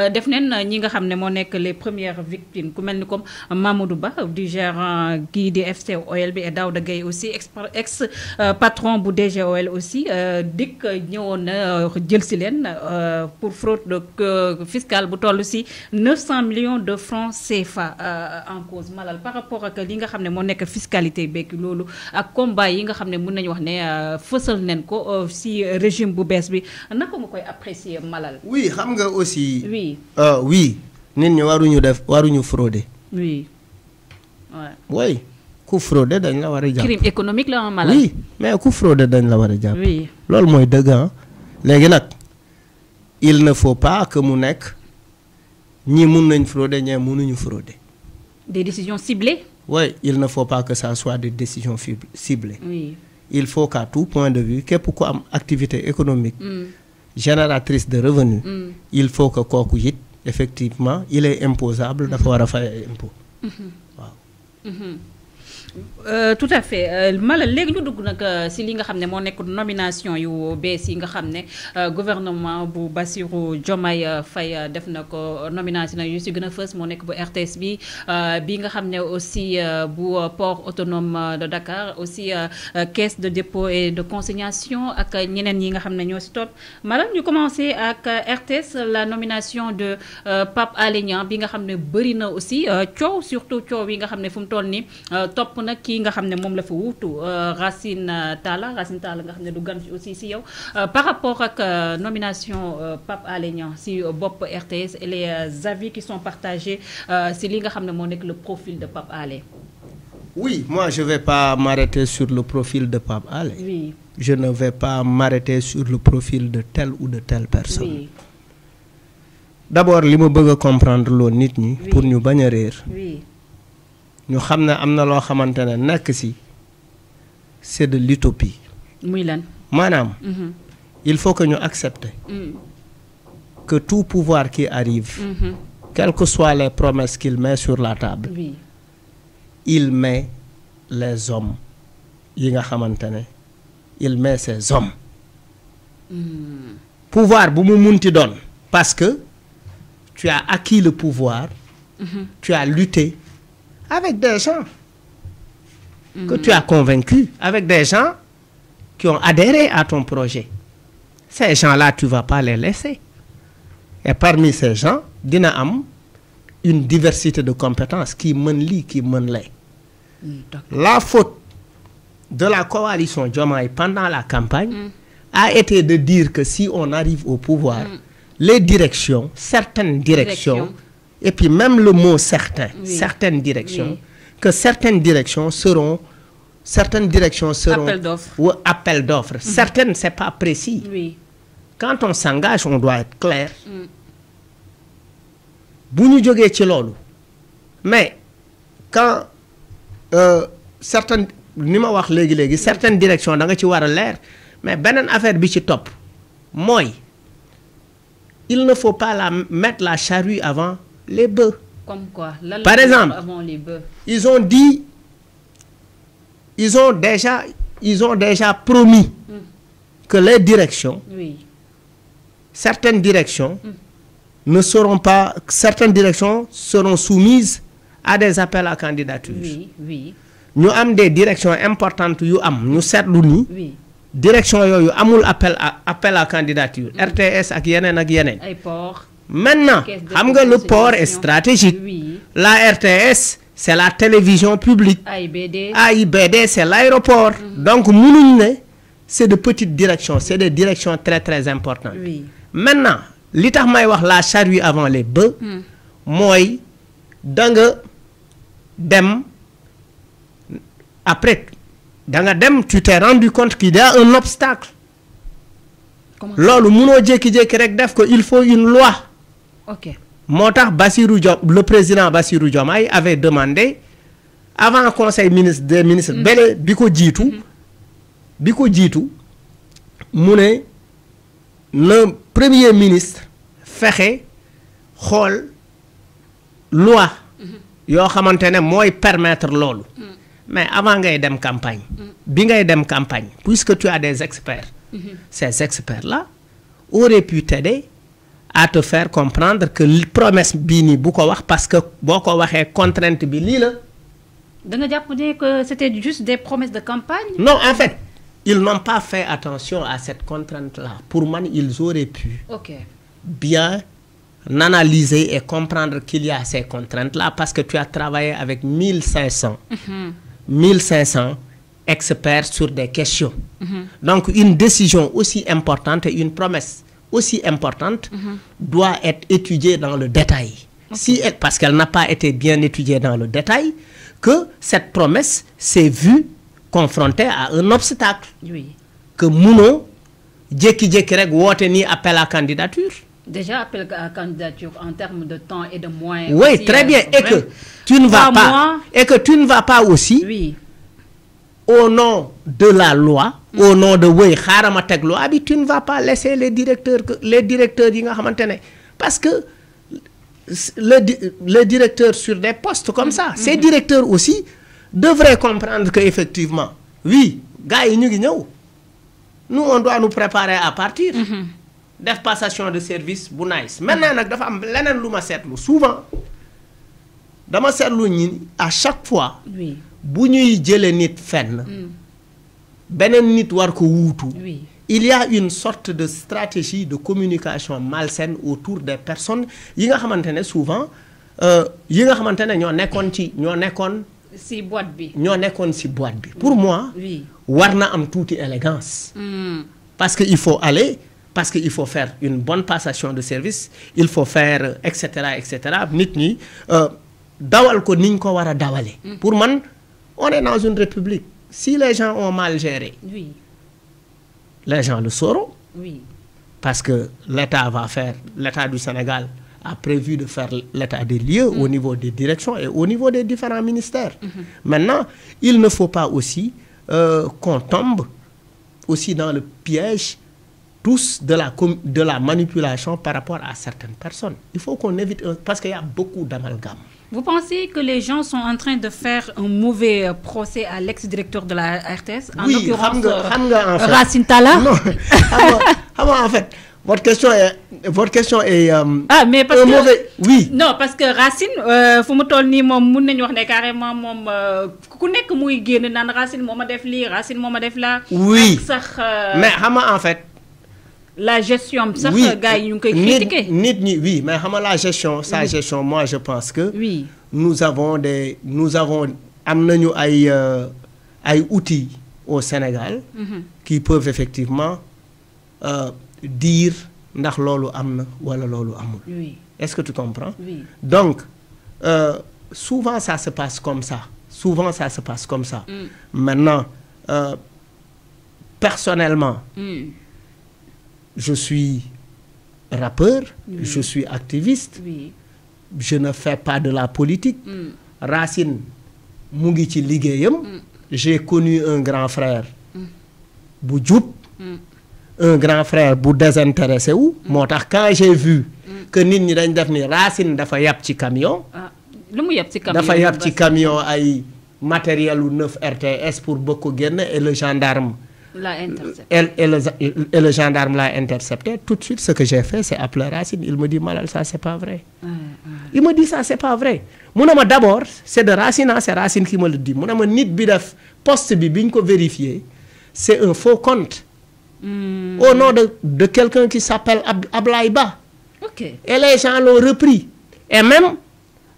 Euh, def neen euh, ñi nga xam ne moo nekk les premières victimes ku mel ni comme Mamadou Ba du gérant euh, kii di FC OL bi et Daouda Gueye aussi ex ex patron bu DG OL aussi dikk ñëwoon na jël si leen pour fraude fiscale bu toll si 900 millions de francs CFA en cause malal par rapport ak li nga xam ne moo nekk fiscalité beeg loolu ak combat yi nga xam ne mun nañu wax ne fësal neen ko si régime bu bees bi naka nga koy apprécier malal. oui xam nga aussi. oui oui. ah oui nit ñi waruñu def frauder. oui Ouais. oui ku frauder dañ la wara japp. crime économique la en hein, malade. oui mais ku frauder dañ la wara japp. oui Lool moy deug hein. Légui nak il ne faut pas que mu nek ñi mun nañ frauder mënu ñu frauder. des décisions ciblées. oui il ne faut pas que ça soit des décisions ciblées. oui il faut qu'à tout point de vue képp pourquoi am activité économique. Mm génératrice de revenus mm. il faut que kooku effectivement il est imposable il faut faire un impôt euh, tout à fait euh, mal légui ñu dugg nag euh, si li nga xamné mo nekk nomination yu bees yi nga xamné gouvernement bu Bassirou Diomaye Faye def nako nomination yu ci gëna a mo moo nekk bu RTS bi bi nga xamné aussi bu port autonome de Dakar aussi caisse de dépôt et de consignation ak ñeneen yi nga xamné ñoo stop topp ñu commencé ak RTS la nomination de Pape Alignan bi nga xamné bari na aussi coow surtout coow yi nga xamné fu mu toll ni Top euh, euh, euh, rapport à nga la fa Racine Tala, Racine tala nga du nomination Pape alénia si bopp RTS et les avis qui sont partagés si li nga mo le profil de Pape Alé. Oui, moi je ne vais pas m'arrêter sur le profil de Pape Alé. Oui. Je ne vais pas m'arrêter sur le profil de telle ou de telle personne. Oui. D'abord, ce que je veux comprendre, c'est pour nous bannir. Oui. Nous savons que nous c'est de l'utopie. Oui mm-hmm. il faut que nous accepter. Mm. que tout pouvoir qui arrive. Mm-hmm. quelles que soient les promesses qu'il met sur la table. il met les hommes il met ses hommes. Mm. pouvoir parce que tu as acquis le pouvoir. Mm-hmm. tu as lutté avec des gens mm-hmm. que tu as convaincus, avec des gens qui ont adhéré à ton projet. Ces gens-là, tu ne vas pas les laisser. Et parmi ces gens, dina am une diversité de compétences qui mène qui mène les. Mm, la faute de la coalition Diomaye pendant la campagne mm. a été de dire que si on arrive au pouvoir, mm. les directions, certaines directions, et puis même le mot certain, certaines directions, que certaines directions seront, certaines directions seront... Appel d'offres. Ou appel d'offres. Mhm. Certaines, c'est pas précis. Oui. Quand on s'engage, on doit être clair. Mmh. Mais quand euh, certaines, certaines directions, mais benen affaire bi top il ne faut pas mettre la charrue avant les bœufs. Comme quoi Par exemple, ils ont dit, ils ont déjà, ils ont déjà promis hmm. que les directions, certaines directions, hmm. ne seront pas, certaines directions seront soumises à des appels à candidature. Oui, oui. Nous avons des directions importantes, nous avons nous oui. direction nous avons appel à appel à candidature RTS à Yenen, Maintenant, le port est stratégique. La RTS, c'est la télévision publique. AIBD, AIBD c'est l'aéroport. Mm. Donc, Donc, c'est de petites directions. C'est des directions très, très importantes. Maintenant, l'état la charrue avant les bœufs, mm. moi, danga dem, après, dem, tu t'es rendu compte qu'il y a un obstacle. Lors, il faut une loi le président Bassirou Diomaye avait demandé avant le conseil ministre des ministres. Mm. Biko bi Biko jiitu. Mm-hmm. bi le premier ministre fexé une loi. Mm-hmm. yoo xamante ne permettre mm. mais avant de dem campagne. Mm. bi ngay campagne puisque tu as des experts. Mm-hmm. ces experts là auraient pu t'aider à te faire comprendre que les promesses bini beaucoup parce que beaucoup contrainte bi lii que c'était juste des promesses de campagne. non en fait ils n'ont pas fait attention à cette contrainte là pour moi, ils auraient pu. bien analyser et comprendre qu'il y a ces contraintes là parce que tu as travaillé avec 1500. 1500 mhm. experts sur des questions. Mhm. donc une décision aussi importante et une promesse aussi importante doit être étudiée dans le détail. Si elle, parce qu'elle n'a pas été bien étudiée dans le détail, que cette promesse s'est vue confrontée à un obstacle. Que Mouno, Djeki Woteni appel à candidature. Déjà appel à candidature en termes de temps et de moyens. Oui, très euh, bien. Et que tu ne vas pas. Et que tu ne vas pas aussi au nom de la loi au nom de tu ne vas pas laisser les directeurs les directeurs parce que le le directeur sur des postes comme ça ces mm-hmm. directeurs aussi devraient comprendre que effectivement oui gars nous on doit nous préparer à partir mm-hmm. Des passation de service bu maintenant dafa souvent à chaque fois oui bu ñuy fen nit fenn mm. beneen nit war ko wuutu il y a une sorte de stratégie de communication malsaine autour des personnes yi nga xamante ne souvent euh, yi nga xamante ne ñoo nekkoon ci ñoo nekkoon si boîte bi ñoo nekkoon si boîte bi pour moi war na am tuuti élégance mm. parce que il faut aller parce que il faut faire une bonne passation de service il faut faire etc., etc. et cetera nit euh, dawal ko niñ ko war dawale mm. pour man on est dans une république. Si les gens ont mal géré, les gens le sauront. Oui. Parce que l'État va faire, l'État du Sénégal a prévu de faire l'état des lieux au mm. niveau des directions et au niveau des différents ministères. Mm-hmm. Maintenant, il ne faut pas aussi euh, qu'on tombe aussi dans le piège tous de la, de la manipulation par rapport à certaines personnes. Il faut qu'on évite, parce qu'il y a beaucoup d'amalgames. Vous pensez que les gens sont en train de faire un mauvais euh, procès à l'ex-directeur de la RTS en Oui, Hamga, euh, en fait. Racine Tala Non, en fait, votre question est... Votre question est euh, ah, mais parce que, mauvais... Oui. Non, parce que Racine, il faut me carrément... Mom, nan Racine, Racine, Oui. Mais en fait, la gestion ça gars ils ñu ngi ni oui mais la gestion sa gestion moi je pense que oui nous avons des nous avons euh, outils au Sénégal mhm. qui peuvent effectivement euh, dire ndax lolu amna wala lolu est-ce que tu comprends donc euh, souvent ça se passe comme ça souvent ça se passe comme ça mm. maintenant personnellement mm je suis rappeur, je suis activiste, je ne fais pas de la politique. Mm. Racine, Mungiti ligayem. Mm. j'ai connu un grand frère, mm. mm. un grand frère bu désintéressé quand j'ai vu. que ni dañ ni Racine dafa un camion. Ah, lu mu camion avec un matériel ou neuf RTS pour beaucoup de et le gendarme et, le, gendarme l'a intercepté. Tout de suite, ce que j'ai fait, c'est appeler Racine. Il me dit, Malal, ça, c'est pas vrai. Il me dit, ça, c'est pas vrai. Mon d'abord, c'est de Racine, c'est Racine qui me le dit. Mon nom, poste vérifié, c'est un faux compte. Hmm. Au nom de, quelqu'un qui s'appelle Ablaïba. Et les gens l'ont repris. Et même,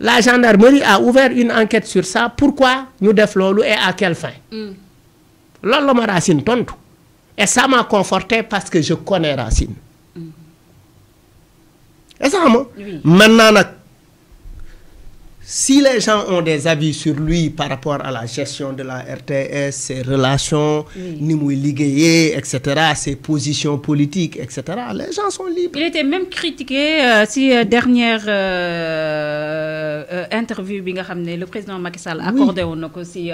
la gendarmerie a ouvert une enquête sur ça. Pourquoi nous déflorons et à quelle fin hmm. Là, la ma Racine tontu et ça m'a conforté parce que je connais Racine. Mm-hmm. Et ça, que hein? maintenant si les gens ont des avis sur lui par rapport à la gestion de la RTS, ses relations, etc., ses positions politiques, etc., les gens sont libres. Il était même critiqué, euh, si euh, dernière euh, euh interview, le président Macky Sall accordé oui. au aussi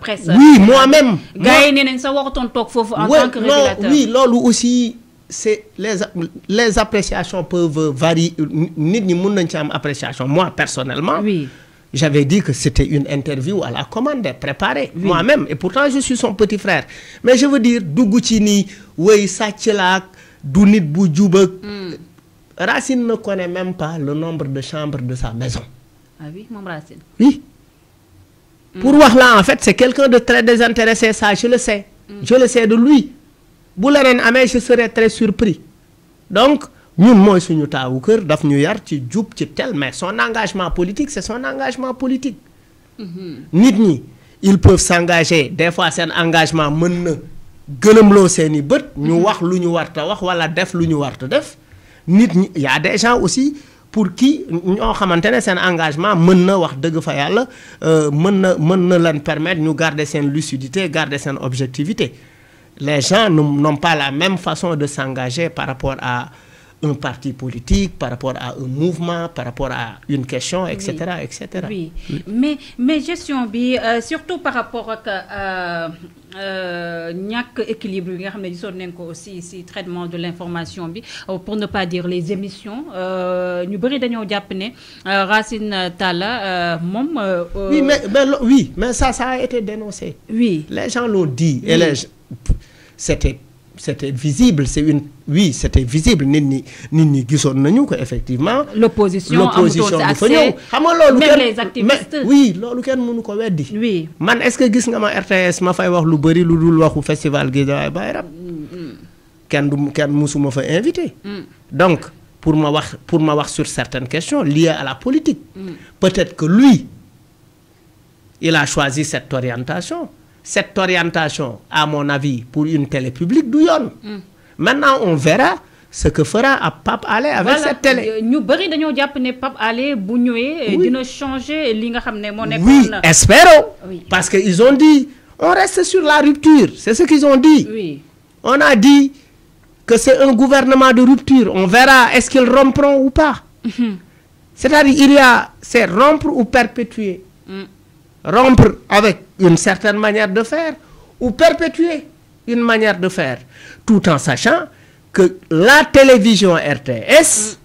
presse. Oui, moi-même. Moi, que non, oui, aussi c'est les les appréciations peuvent varier ni am appréciation moi personnellement. j'avais dit que c'était une interview à la commande préparée. moi-même et pourtant je suis son petit frère. mais je veux dire dugg ci Satchelak, mm. Racine ne connaît même pas le nombre de chambres de sa maison. ah oui mon Racine. oui. pour voir mm. là en fait c'est quelqu'un de très désintéressé ça je le sais. Mm. je le sais de lui bu je serais très surpris donc ñun mooy suñu taawu daf mais son engagement politique c'est son engagement politique. Mm-hmm. ñi ils peuvent s'engager des fois un engagement mën na gëlëmloo seeni bët. ñu mm-hmm. wax lu ñu warta wax def lu ñu warta def. ñi y a des gens aussi pour qui ñoo xamante ne engagement mën na wax fa euh, na permettre garder seen lucidité garder seen objectivité les gens n'ont pas la même façon de s'engager par rapport à un parti politique, par rapport à un mouvement, par rapport à une question, etc. etc. oui. mais, mais gestion bi euh, surtout par rapport à euh, euh, ñàkk équilibre bi nga mais aussi ici traitement de l'information bi pour ne pas dire les émissions ñu bari dañu Racine Tala, mom oui mais oui mais ça ça a été dénoncé. oui les gens l'ont dit et les c'était c'était visible c'est une oui c'était visible ni ni ni ni nañu ko effectivement. l'opposition l'opposition de fa même les activistes oui loolu ken mënu ko wéddi oui man est-ce que gis nga ma RTS ma fay wax lu bari lu dul waxu festival Guédiawaye Baye Rap. Mm, mm. kenn du ken musuma fa invité. Mm. donc pour ma wax pour ma wax sur certaines questions liées à la politique. peut-être que lui il a choisi cette orientation cette orientation, à mon avis, pour une télé publique, d'où Maintenant, on verra ce que fera à Pape Allé avec cette télé. Nous bari dañu japp né Pape Allé, changer li nga Oui, espérons. Parce qu'ils ont dit on reste sur la rupture, c'est ce qu'ils ont dit. Oui. On a dit que c'est un gouvernement de rupture, on verra est-ce qu'ils rompront ou pas. Mhm. C'est-à-dire il y a c'est rompre ou perpétuer. Mm. Rompre avec une certaine manière de faire ou perpétuer une manière de faire, tout en sachant que la télévision RTS, mm.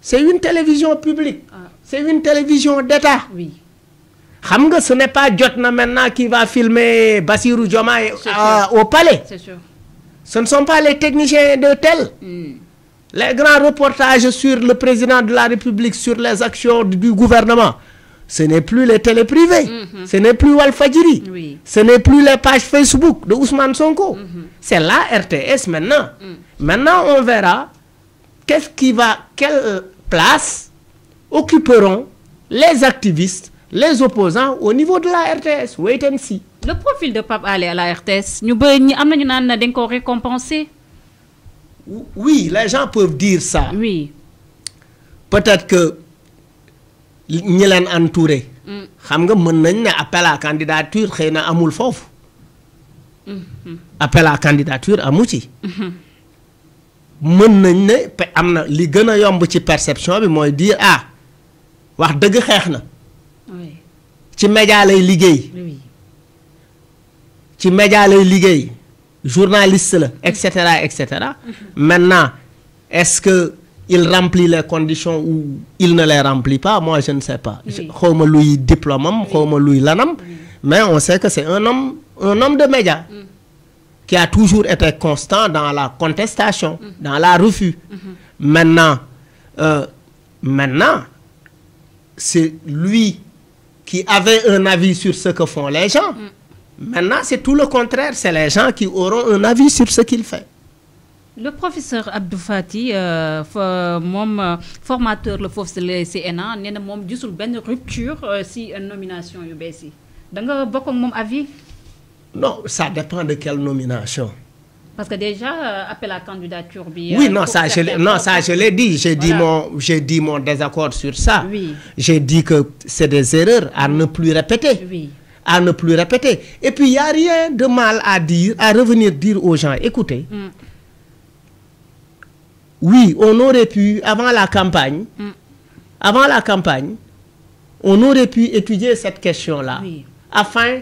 c'est une télévision publique, ah. c'est une télévision d'État. Oui. ce n'est pas Jotna maintenant qui va filmer Bassirou Diomaye au palais. sûr. Ce ne sont pas les techniciens de tel. Mm. Les grands reportages sur le président de la République, sur les actions du gouvernement, ce n'est plus les télé privées, mhm. ce n'est plus Walfadjiri, oui. ce n'est plus les pages Facebook de Ousmane Sonko. Mhm. C'est la RTS maintenant. Mm. Maintenant, on verra quest qui va, quelle place occuperont les activistes, les opposants au niveau de la RTS. Wait and see. Le profil de Pape Ali à la RTS, nous avons récompensé. Oui, les gens peuvent dire ça. Oui. Peut-être que ñi leen entouré. Mm. xam nga mën nañ ne appel à candidature xëy na amul foofu. appel à candidature amu ci. mën nañ ne pe am na li gën a yomb ci perception bi mooy dire ah wax dëgg xeex na. ci média lay liggéey. ci média lay liggéey journaliste la et cetera et cetera. Mm-hmm. maintenant est-ce que il remplit les conditions ou il ne les remplit pas, moi je ne sais pas. Comme lui diplôme, comme lui l'anam, mais on sait que c'est un homme, un homme de médias mm. qui a toujours été constant dans la contestation, mm. dans la refus. Mm-hmm. Maintenant, euh, maintenant, c'est lui qui avait un avis sur ce que font les gens. Mm. Maintenant, c'est tout le contraire, c'est les gens qui auront un avis sur ce qu'il fait le professeur Abdou Fati euh, euh, formateur le le CNA il a moom gisul une rupture euh, si une nomination est baissée. yi da nga bokk avis. non ça dépend de quelle nomination. Parce que déjà, appel à candidature... oui, non, ça, je, non ça je l'ai dit. J'ai dit, dit, mon désaccord sur ça. Oui. J'ai dit que c'est des erreurs à ne plus répéter. Oui. À ne plus répéter. Et puis, il n'y a rien de mal à dire, à revenir dire aux gens, écoutez, mm oui, on aurait pu, avant la campagne, mm. avant la campagne, on aurait pu étudier cette question-là afin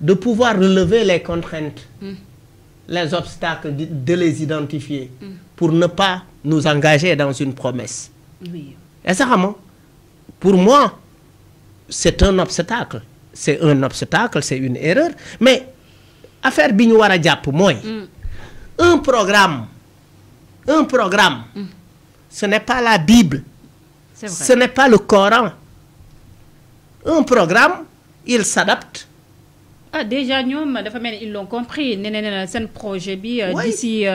de pouvoir relever les contraintes, mm. les obstacles, de, les identifier mm. pour ne pas nous engager dans une promesse. Et pour moi, c'est un obstacle. C'est un obstacle, c'est une erreur. Mais, affaire Bignouara Diap, moi, un programme un programme. Ce n'est pas la Bible. Ce n'est pas le Coran. Un programme, il s'adapte. Ah, déjà, nous, ils l'ont compris. C'est un projet euh, d'ici 5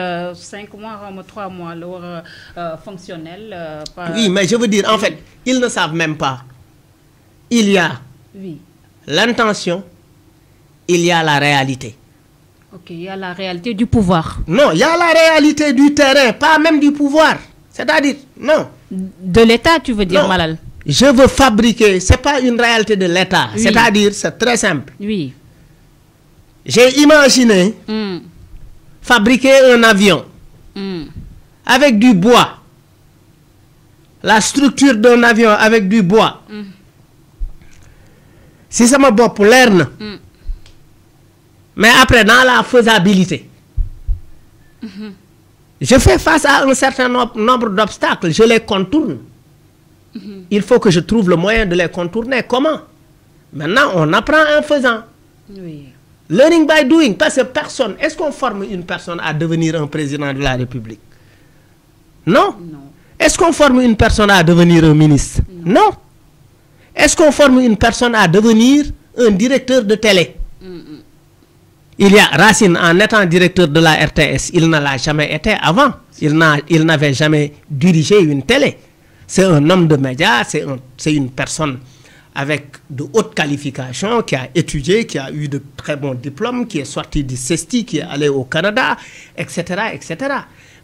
euh, mois, 3 mois, alors, euh, fonctionnel. Oui, mais je veux dire, en fait, ils ne savent même pas. Il y a l'intention, il y a la réalité. Ok, il y a la réalité du pouvoir. Non, il y a la réalité du terrain, pas même du pouvoir. C'est-à-dire, non. De l'État, tu veux dire, non. Malal Je veux fabriquer, ce n'est pas une réalité de l'État. C'est-à-dire, c'est très simple. Oui. J'ai imaginé hmm. fabriquer un avion hmm. avec du bois. La structure d'un avion avec du bois. Hmm. Si ça m'a pour l'air, mais après, dans la faisabilité, mhm. je fais face à un certain nombre d'obstacles, je les contourne. Mhm. Il faut que je trouve le moyen de les contourner. Comment Maintenant, on apprend en faisant. Learning by doing, parce que personne, est-ce qu'on forme une personne à devenir un président de la République Non. Est-ce qu'on forme une personne à devenir un ministre Non. Est-ce qu'on forme une personne à devenir un directeur de télé il y a Racine, en étant directeur de la RTS, il n'a l'a jamais été avant. Il n'avait jamais dirigé une télé. C'est un homme de médias, c'est une personne avec de hautes qualifications, qui a étudié, qui a eu de très bons diplômes, qui est sorti du CESTI, qui est allé au Canada, etc. etc.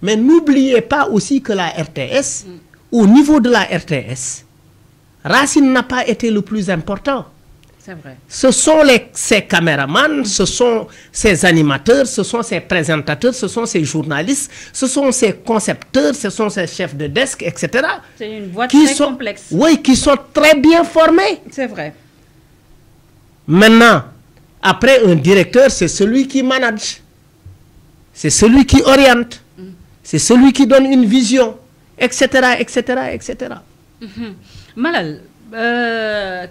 Mais n'oubliez pas aussi que la RTS, mm. au niveau de la RTS, Racine n'a pas été le plus important. Ce sont les, ces caméramans, ce sont ces animateurs, ce sont ces présentateurs, ce sont ces journalistes, ce sont ces concepteurs, ce sont ces chefs de desk, etc. C'est une voie qui très complexe. Oui, qui sont très bien formés. C'est vrai. Maintenant, après un directeur, c'est celui qui manage. C'est celui qui oriente. Mm. C'est celui qui donne une vision, etc., etc., etc. Malal, euh,